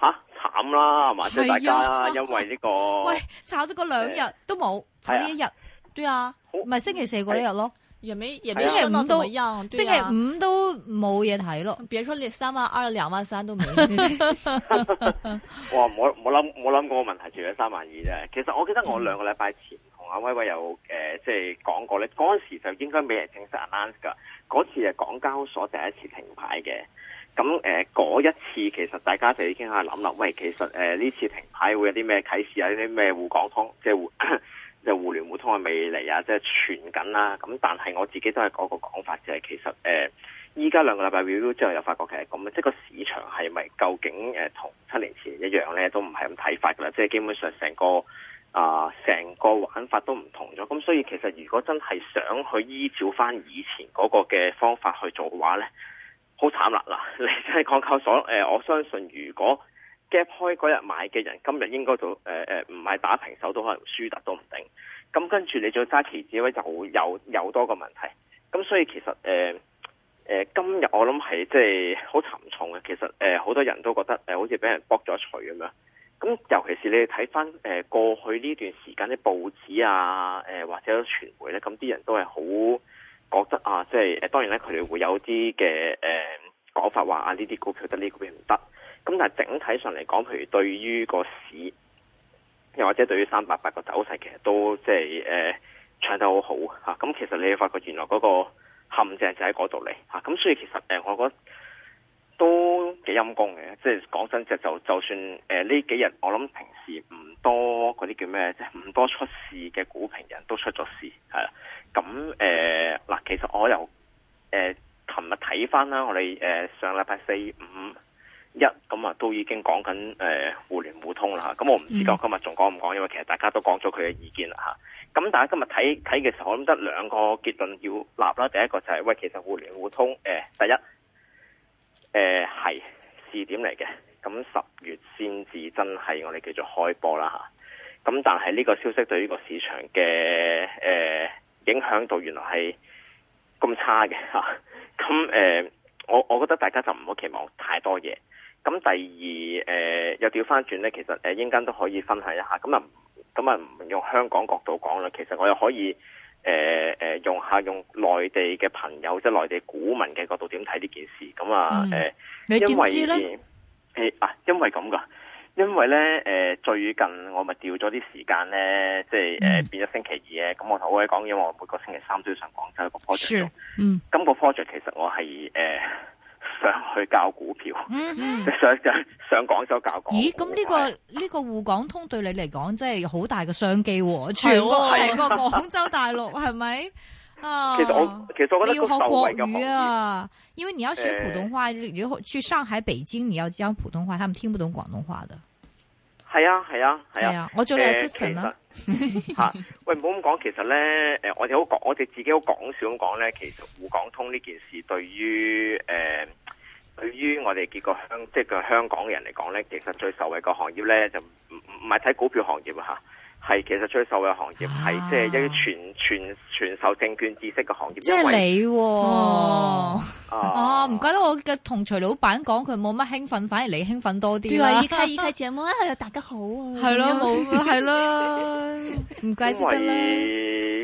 吓慘啦，或者、啊、大家、啊、因為呢、這個喂炒咗嗰兩日都冇，炒呢、欸、一日、啊、對啊，唔、哦、係、就是、星期四嗰一日咯、欸，而尾、啊，星期五都怎樣、啊，星期五都冇嘢睇咯。如說你三萬二兩萬三都冇。 哇我冇冇諗冇諗過個問題，除咗三萬二啫。其實我記得我兩個禮拜前同阿威威有誒即係講過咧，嗰時就應該未人正式 announce 噶。嗰次係港交所第一次停牌嘅。咁誒，嗰、呃、一次其實大家就已經喺度諗啦，喂，其實誒呢、呃、次停牌會有啲咩啟示啊？啲咩滬港通，即、就、係、是 就是、互即互聯互通嘅未來啊，即係傳緊啦。咁但係我自己都係嗰個講法，就係、是、其實誒，依家兩個禮拜 review 之後又發覺其實咁，即係個市場係咪究竟同七年前一樣咧？都唔係咁睇法㗎啦。即、就、係、是、基本上成個啊成、呃、個玩法都唔同咗。咁所以其實如果真係想去依照返以前嗰個嘅方法去做嘅話咧。好慘啦！嗱，你喺港交所誒，我相信如果 gap 開嗰日買嘅人，今日應該就誒唔係打平手都可能輸得都唔定。咁跟住你再揸期指位，又有有多個問題。咁所以其實誒誒、呃呃，今日我諗係即係好沉重嘅。其實誒，好、呃、多人都覺得誒、呃，好似俾人卜咗錘咁樣。咁尤其是你睇翻誒過去呢段時間啲報紙啊，誒、呃、或者傳媒咧，咁啲人都係好。覺得啊，即係誒，當然咧，佢哋會有啲嘅誒講法，話啊，呢啲股票得，呢股票唔得。咁但係整體上嚟講，譬如對於個市，又或者對於三百八個走勢，其實都即係誒唱得好好吓，咁其實你會發覺原來嗰個陷阱就喺嗰度嚟吓，咁所以其實誒、呃，我覺得。陰公嘅，即係講真，就就就算誒呢、呃、幾日，我諗平時唔多嗰啲叫咩，即係唔多出事嘅股評人都出咗事，係啦。咁誒嗱，其實我又誒琴日睇返啦，我哋誒、呃、上禮拜四五一咁啊，都已經講緊誒互聯互通啦。吓，咁我唔知道我今日仲講唔講，因為其實大家都講咗佢嘅意見啦。吓、啊，咁但係今日睇睇嘅時候，我諗得兩個結論要立啦。第一個就係、是、喂，其實互聯互通誒、呃，第一誒係。呃二點嚟嘅，咁十月先至真係我哋繼續開波啦吓，咁但係呢個消息對於呢個市場嘅誒、呃、影響度原來係咁差嘅吓，咁誒、呃、我我覺得大家就唔好期望太多嘢，咁第二誒、呃、又調翻轉呢？其實誒陣間都可以分享一下，咁啊咁啊唔用香港角度講啦，其實我又可以。誒、呃、誒，用下用內地嘅朋友，即係內地股民嘅角度點睇呢件事？咁、嗯、啊，誒、呃，因為誒啊，因為咁噶，因為咧，誒、呃，最近我咪調咗啲時間咧，即係誒、呃，變咗星期二嘅，咁、嗯、我同各位講，因為我每個星期三都要上廣州一個 project，嗯，今、這個 project 其實我係誒。呃上去教股票，上上上廣州教港股，咦？咁呢、這個呢、這個滬港通對你嚟講，真係好大嘅商機喎！全個係個廣、啊、州大陸，係咪啊？其實我 其實我覺得你要學國語啊，因為你要學普通話。如、呃、果去上海、北京，你要講普通話，他們聽不懂廣東話嘅。係啊，係啊，係啊，啊！我做你 assistant 啦吓，喂，唔好咁講。其實咧，誒，我哋好講，我哋自己好講笑咁講咧。其實滬港通呢件事，對於誒。呃對於我哋幾個香即係香港人嚟講咧，其實最受惠個行業咧就唔唔係睇股票行業啊吓。係，其實最受嘅行業係即係一啲傳傳傳授證券知識嘅行業。即係你哦、啊、唔、啊啊啊啊、怪得我嘅同徐老闆講，佢冇乜興奮，反而你興奮多啲啦。二梯二梯節目又大家好係啊，係咯，係咯、啊，唔 怪得啦。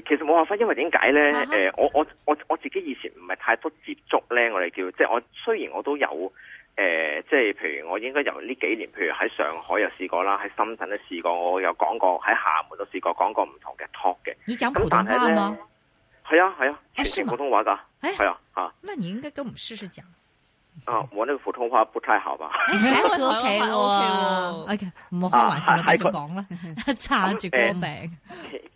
其實冇辦法，因為點解咧？誒、啊呃，我我我我自己以前唔係太多接觸咧，我哋叫即係我雖然我都有。誒、呃，即係譬如我應該由呢幾年，譬如喺上海又試過啦，喺深圳都試過，我又講過喺廈門都試過講過唔同嘅 talk 嘅。你講普通話嗎？係啊係啊，講普通話噶係啊啊。咁你應該都唔試試講。啊，我呢個普通話不太好、 okay okay okay, 玩啊、吧？喺屋企喎，ok，唔好開玩笑，繼續講啦，撐 住個柄。嗱、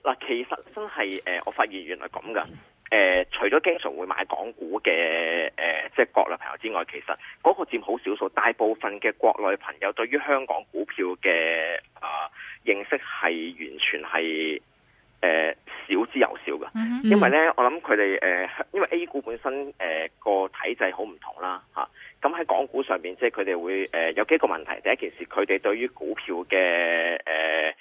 呃呃，其實真係誒、呃，我發現原來咁噶。誒、呃，除咗經常會買港股嘅誒、呃，即係國內朋友之外，其實嗰個佔好少數。大部分嘅國內朋友對於香港股票嘅、呃、認識係完全係誒少之又少嘅。Mm -hmm. 因為咧，我諗佢哋誒，因為 A 股本身誒個、呃、體制好唔同啦吓。咁、啊、喺港股上面，即係佢哋會、呃、有幾個問題。第一件事，佢哋對於股票嘅誒。呃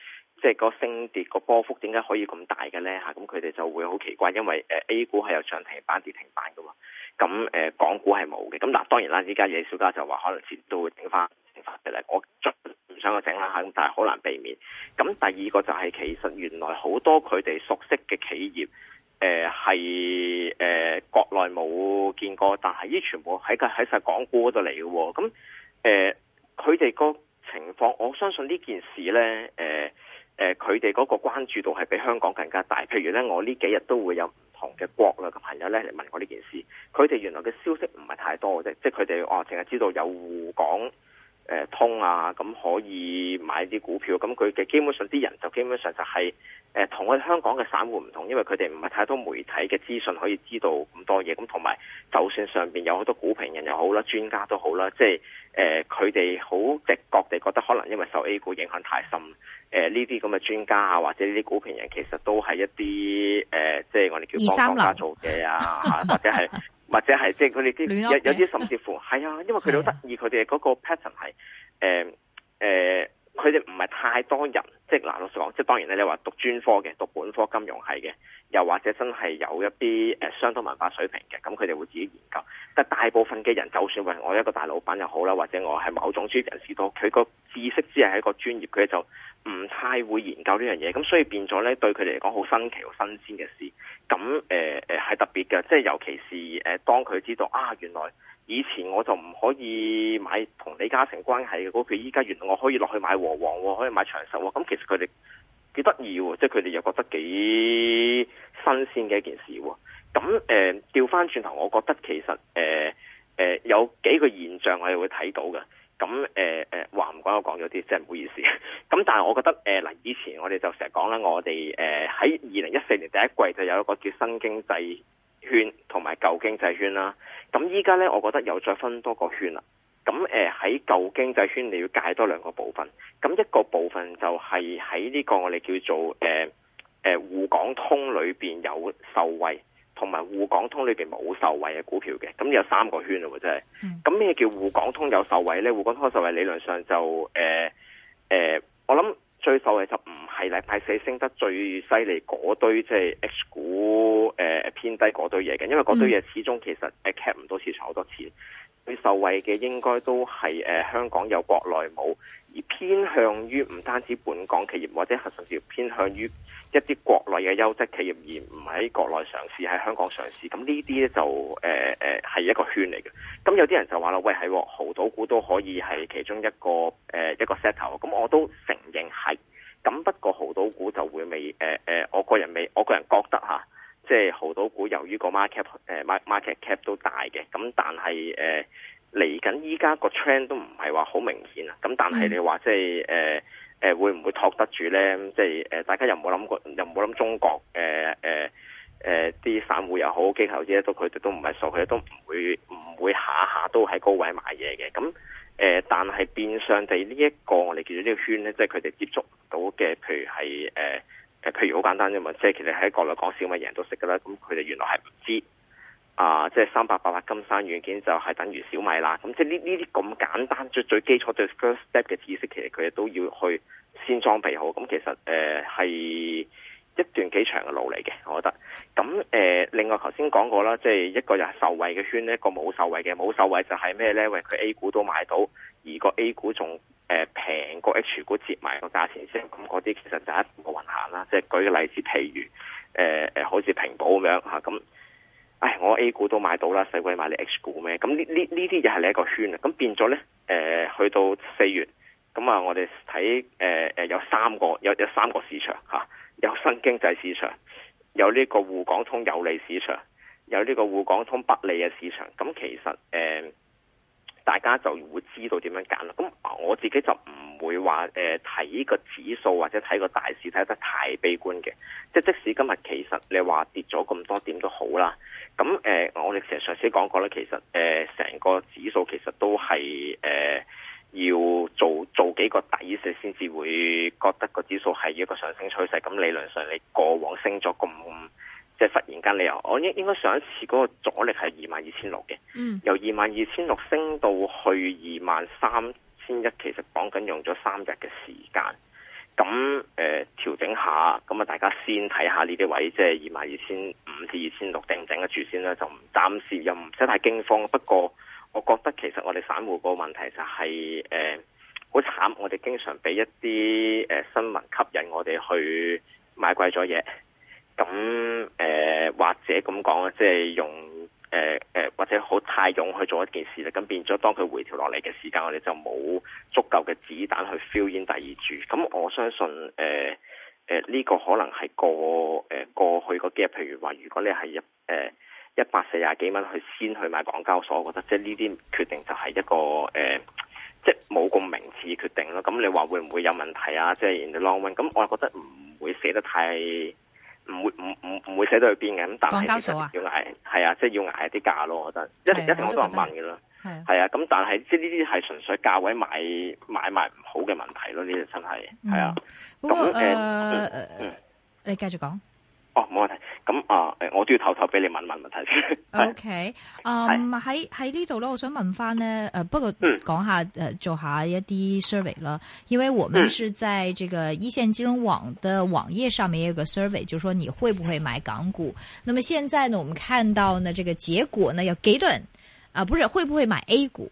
即係個升跌個波幅點解可以咁大嘅咧？嚇，咁佢哋就會好奇怪，因為誒 A 股係有上停板、跌停板㗎嘛。咁誒港股係冇嘅。咁嗱，當然啦，依家李小加就話可能遲都會整翻整翻嘅咧。我唔想佢整啦嚇，咁但係好難避免。咁第二個就係、是、其實原來好多佢哋熟悉嘅企業誒係誒國內冇見過，但係依全部喺個喺曬港股嗰度嚟嘅喎。咁誒佢哋個情況，我相信呢件事咧誒。呃誒佢哋嗰個關注度係比香港更加大，譬如咧，我呢幾日都會有唔同嘅國內嘅朋友咧嚟問我呢件事，佢哋原來嘅消息唔係太多嘅啫，即係佢哋哦，淨係知道有滬港。誒通啊，咁、嗯、可以買啲股票，咁佢嘅基本上啲人就基本上就係同我哋香港嘅散戶唔同，因為佢哋唔係太多媒體嘅資訊可以知道咁多嘢，咁同埋就算上面有好多股評人又好啦，專家都好啦，即係誒佢哋好直覺地覺得可能因為受 A 股影響太深，誒呢啲咁嘅專家啊或者呢啲股評人其實都係一啲誒、呃、即係我哋叫幫國家做嘅啊，或者係。 或者係即係佢哋啲有有啲甚至乎係啊，因為佢好得意，佢哋嗰個 pattern 係誒誒，佢哋唔係太多人，即係嗱，老實講。即係當然咧，就是就是、說你話讀專科嘅、讀本科金融係嘅，又或者真係有一啲相當文化水平嘅，咁佢哋會自己研究。但大部分嘅人，就算為我一個大老闆又好啦，或者我係某種專業人士多，佢個知識只係一個專業，佢就，唔太會研究呢樣嘢，咁所以變咗呢對佢哋嚟講好新奇、好新鮮嘅事，咁誒誒係特別嘅，即係尤其是誒當佢知道啊，原來以前我就唔可以買同李嘉誠關係嘅股票，依家原來我可以落去買和黃喎，可以買長壽喎，咁其實佢哋幾得意喎，即係佢哋又覺得幾新鮮嘅一件事喎，咁誒調翻轉頭，我覺得其實誒、呃呃、有幾個現象我哋會睇到嘅。咁誒誒話唔講我講咗啲，即係唔好意思。咁但係我覺得誒嗱、呃，以前我哋就成日講啦，我哋誒喺二零一四年第一季就有一個叫新經濟圈同埋舊經濟圈啦。咁依家呢，我覺得又再分多個圈啦。咁誒喺舊經濟圈你要解多兩個部分。咁一個部分就係喺呢個我哋叫做誒誒、呃呃、滬港通裏面有受惠。同埋滬港通裏邊冇受惠嘅股票嘅，咁有三個圈咯喎，真係。咁咩叫滬港通有受惠呢？滬港通受惠理論上就誒、呃呃、我諗最受惠就唔係禮拜四升得最犀利嗰堆，即係 H 股誒、呃、偏低嗰堆嘢嘅，因為嗰堆嘢始終其實 cap 唔到市場好多錢。佢受惠嘅應該都係、呃、香港有國內冇。而偏向於唔單止本港企業或者係甚至偏向於一啲國內嘅優質企業，而唔喺國內上市，喺香港上市。咁呢啲咧就誒誒係一個圈嚟嘅。咁有啲人就話啦：，喂係、哦，濠賭股都可以係其中一個誒一個 set 頭，咁我都承認係。咁不過濠賭股就會未誒誒、呃，我個人未，我個人覺得嚇、啊，即係濠賭股由於個 market 誒、呃、market cap 都大嘅。咁但係誒。呃嚟緊依家個 trend 都唔係話好明顯啊，咁但係你話即係誒、呃、會唔會托得住咧？即係、呃、大家又冇諗過？又冇諗中國誒誒啲散戶又好，機構啲都佢哋都唔係數，佢都唔會唔會下下都喺高位買嘢嘅。咁、呃、但係變相地呢、這、一個我哋見到呢個圈咧，即係佢哋接觸到嘅，譬如係誒、呃、譬如好簡單啫嘛，即係其實喺國內講小米人都識噶啦，咁佢哋原來係唔知。啊，即係三百八百金山軟件就係等於小米啦。咁即係呢呢啲咁簡單最最基礎最 first step 嘅知識，其實佢哋都要去先裝備好。咁其實誒係、呃、一段幾長嘅路嚟嘅，我覺得。咁誒、呃，另外頭先講過啦，即、就、係、是、一個又係受惠嘅圈，一個冇受惠嘅，冇受惠就係咩呢？喂，佢 A 股都買到，而個 A 股仲平過 H 股折埋個價錢先。咁嗰啲其實就係冇運行啦。即、就、係、是、舉個例子，譬如誒、呃、好似平保咁樣咁。啊嗯唉、哎，我 A 股都買到啦，使鬼買你 H 股咩？咁呢呢啲又係你一個圈啊！咁變咗呢，誒、呃，去到四月，咁啊，我哋睇誒誒，有三個有有三個市場吓、啊，有新經濟市場，有呢個滬港通有利市場，有呢個滬港通不利嘅市場。咁其實誒、呃，大家就會知道點樣揀啦。咁我自己就唔會話誒睇個指數或者睇個大市睇得太悲觀嘅。即即使今日其實你話跌咗咁多點都好啦。咁誒、呃，我哋成日上次講過咧，其實誒，成、呃、個指數其實都係誒、呃，要做做幾個底線，先至會覺得個指數係一個上升趨勢。咁理論上，你過往升咗咁，即係忽然間你又，我應應該上一次嗰個阻力係二萬二千六嘅，嗯，由二萬二千六升到去二萬三千一，其實講緊用咗三日嘅時間。咁誒、呃、調整下，咁啊大家先睇下呢啲位，即係二萬二千五至二千六定整得住先啦，就唔、是、暫時又唔使太驚慌。不過，我覺得其實我哋散戶個問題就係誒好慘，我哋經常俾一啲、呃、新聞吸引我哋去買貴咗嘢。咁誒、呃、或者咁講啊，即、就、係、是、用。誒誒，或者好太勇去做一件事咧，咁變咗當佢回調落嚟嘅時間，我哋就冇足夠嘅子彈去 fill in 第二注。咁我相信誒誒，呢、呃呃這個可能係過誒、呃、過去個 gap 譬如話，如果你係一誒、呃、一百四廿幾蚊去先去買港交所，我覺得即係呢啲決定就係一個誒，即係冇咁明智嘅決定咯。咁你話會唔會有問題啊？即、就、係、是、long run，咁我又覺得唔會蝕得太。唔會唔唔唔會寫到去邊嘅，咁但係要挨係啊，即係、啊就是、要挨啲價咯，我覺得一、啊、一定好多人問嘅囉。係係啊，咁、啊啊啊、但係即係呢啲係純粹價位買買賣唔好嘅問題咯，呢啲真係係、嗯、啊，咁誒，uh, uh, uh, uh. Uh. 你繼續講。哦，冇問題。咁啊，誒、呃，我都要唞唞俾你問一問問題先。O K，誒，喺喺呢度咯，我想問翻呢誒，不過講下誒、嗯，做下一啲 survey 啦。因為我們是在這個一線金融網的網頁上面有個 survey，就是說你會不會買港股？那麼現在呢，我們看到呢，這個結果呢，有幾段啊，不是會不會買 A 股？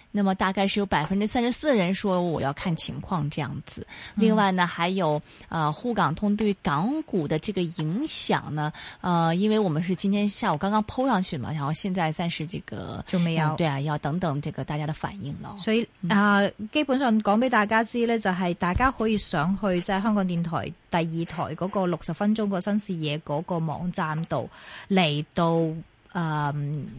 那麼大概是有百分之三十四人說我要看情況這樣子。另外呢，還有呃，滬港通對於港股的這個影響呢？呃，因為我們是今天下午剛剛鋪上去嘛，然後現在暫時這個就沒有、嗯、對啊，要等等這個大家的反應咯。所以啊、嗯呃，基本上講俾大家知呢，就係、是、大家可以上去即係、就是、香港電台第二台嗰個六十分鐘個新視野嗰、那個網站度嚟到呃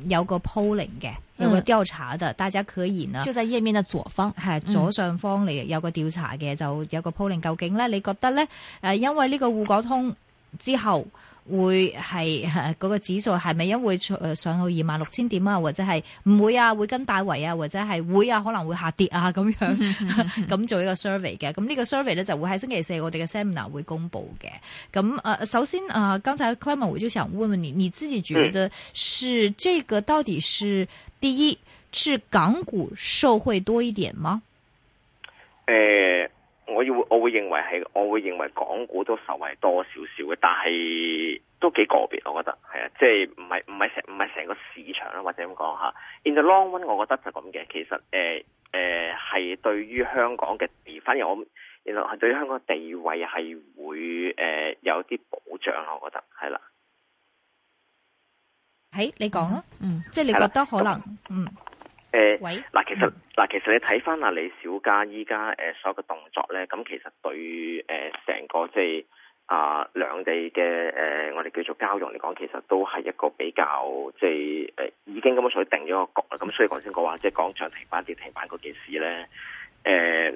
有個 polling 嘅。有個調查的，大家可以言，就在頁面嘅左方，係左上方嚟有個調查嘅、嗯，就有個 polling，究竟咧你覺得咧？誒，因為呢個滬港通之後，會係嗰、那個指數係咪因為上到二萬六千點啊？或者係唔會啊？會跟大圍啊？或者係會啊？可能會下跌啊？咁樣咁 做一個 survey 嘅。咁呢個 survey 咧，就會喺星期四我哋嘅 seminar 會公布嘅。咁誒、呃，首先誒、呃，剛才 Clement 我就想問問你，你自己覺得是這個到底是第一，嗯、是港股受惠多一點嗎？誒、呃。我要我會認為係我會認為港股都受惠多少少嘅，但係都幾個別，我覺得係啊，即係唔係唔係成唔係成個市場啦，或者咁講吓。In the long run，我覺得就咁嘅。其實誒誒係對於香港嘅地，反而我，然後係對於香港嘅地位係會誒、呃、有啲保障，我覺得係啦。係你講啊，嗯，即係你覺得可能，嗯。嗯誒、呃，嗱、呃、其實，嗱、呃、其實你睇翻阿李小加依家誒、呃、所有嘅動作咧，咁其實對誒成、呃、個即係啊兩地嘅誒、呃、我哋叫做交融嚟講，其實都係一個比較即係誒、呃、已經咁樣、嗯、所以定咗個局啦。咁所以講先嗰話即係漲停板跌停板嗰件事咧，誒、呃、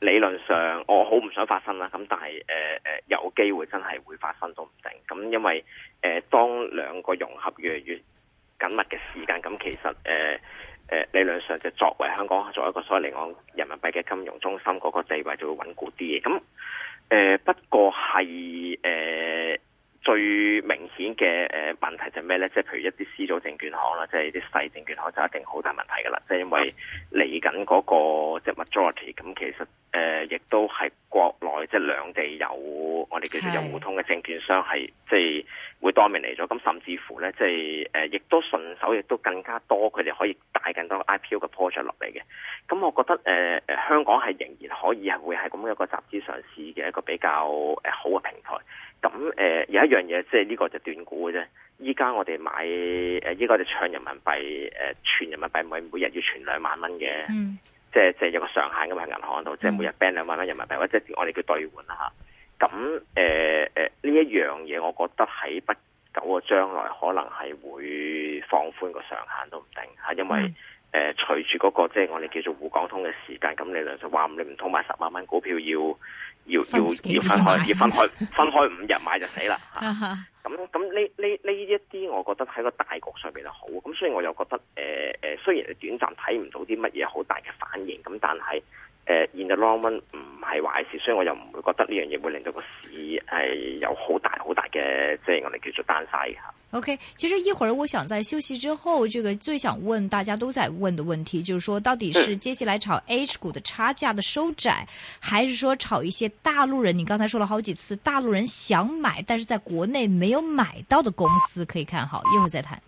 理論上我好唔想發生啦。咁但係誒誒有機會真係會發生都唔定。咁因為誒、呃、當兩個融合越嚟越緊密嘅時間，咁其實。誒，理論上就作為香港作為一個所謂離岸人民幣嘅金融中心嗰個地位就會穩固啲嘅。咁誒、呃，不過係誒、呃、最明顯嘅誒問題就係咩咧？即、就、係、是、譬如一啲私組證券行啦，即係啲細證券行就一定好大問題噶啦、就是那個。即係因爲嚟緊嗰個即係 majority，咁其實。誒、呃，亦都係國內即兩地有我哋叫做有互通嘅證券商，係即會多面嚟咗。咁甚至乎咧，即係誒，亦、呃、都順手，亦都更加多，佢哋可以帶更多 IPO 嘅 project 落嚟嘅。咁我覺得誒，誒、呃，香港係仍然可以係會係咁一個集資上市嘅一個比較誒、呃、好嘅平台。咁誒、呃，有一樣嘢即係呢個就斷估嘅啫。依家我哋買誒，依、呃、家我哋搶人民幣誒，存、呃、人民幣唔係每日要存兩萬蚊嘅。嗯即係即係有個上限咁嘛，喺銀行度，即係每日 ban 兩萬蚊人民幣，或、嗯、者我哋叫兌換啦吓。咁誒誒，呢、呃呃、一樣嘢，我覺得喺不久嘅將來，可能係會放寬個上限都唔定吓，因為誒隨住嗰個即係我哋叫做滬港通嘅時間，咁你兩叔話你唔通買十萬蚊股票要要要分要分開要 分開分開五日買就死啦 咁咁呢呢呢一啲，我覺得喺個大局上邊就好。咁所以我又覺得，誒、呃、誒，雖然係短暫睇唔到啲乜嘢好大嘅反應，咁但係，誒，In the long run 唔係壞事，所以我又唔會覺得呢樣嘢會令到個市係有好大好大嘅，即係我哋叫做單晒嘅。OK，其實一會兒我想在休息之後，這個最想問大家都在問嘅問題，就是說到底是接下來炒 H 股嘅差價的收窄，還是說炒一些大陸人？你剛才說了好幾次大陸人想買，但是在國內沒有買到的公司可以看好，一會再談。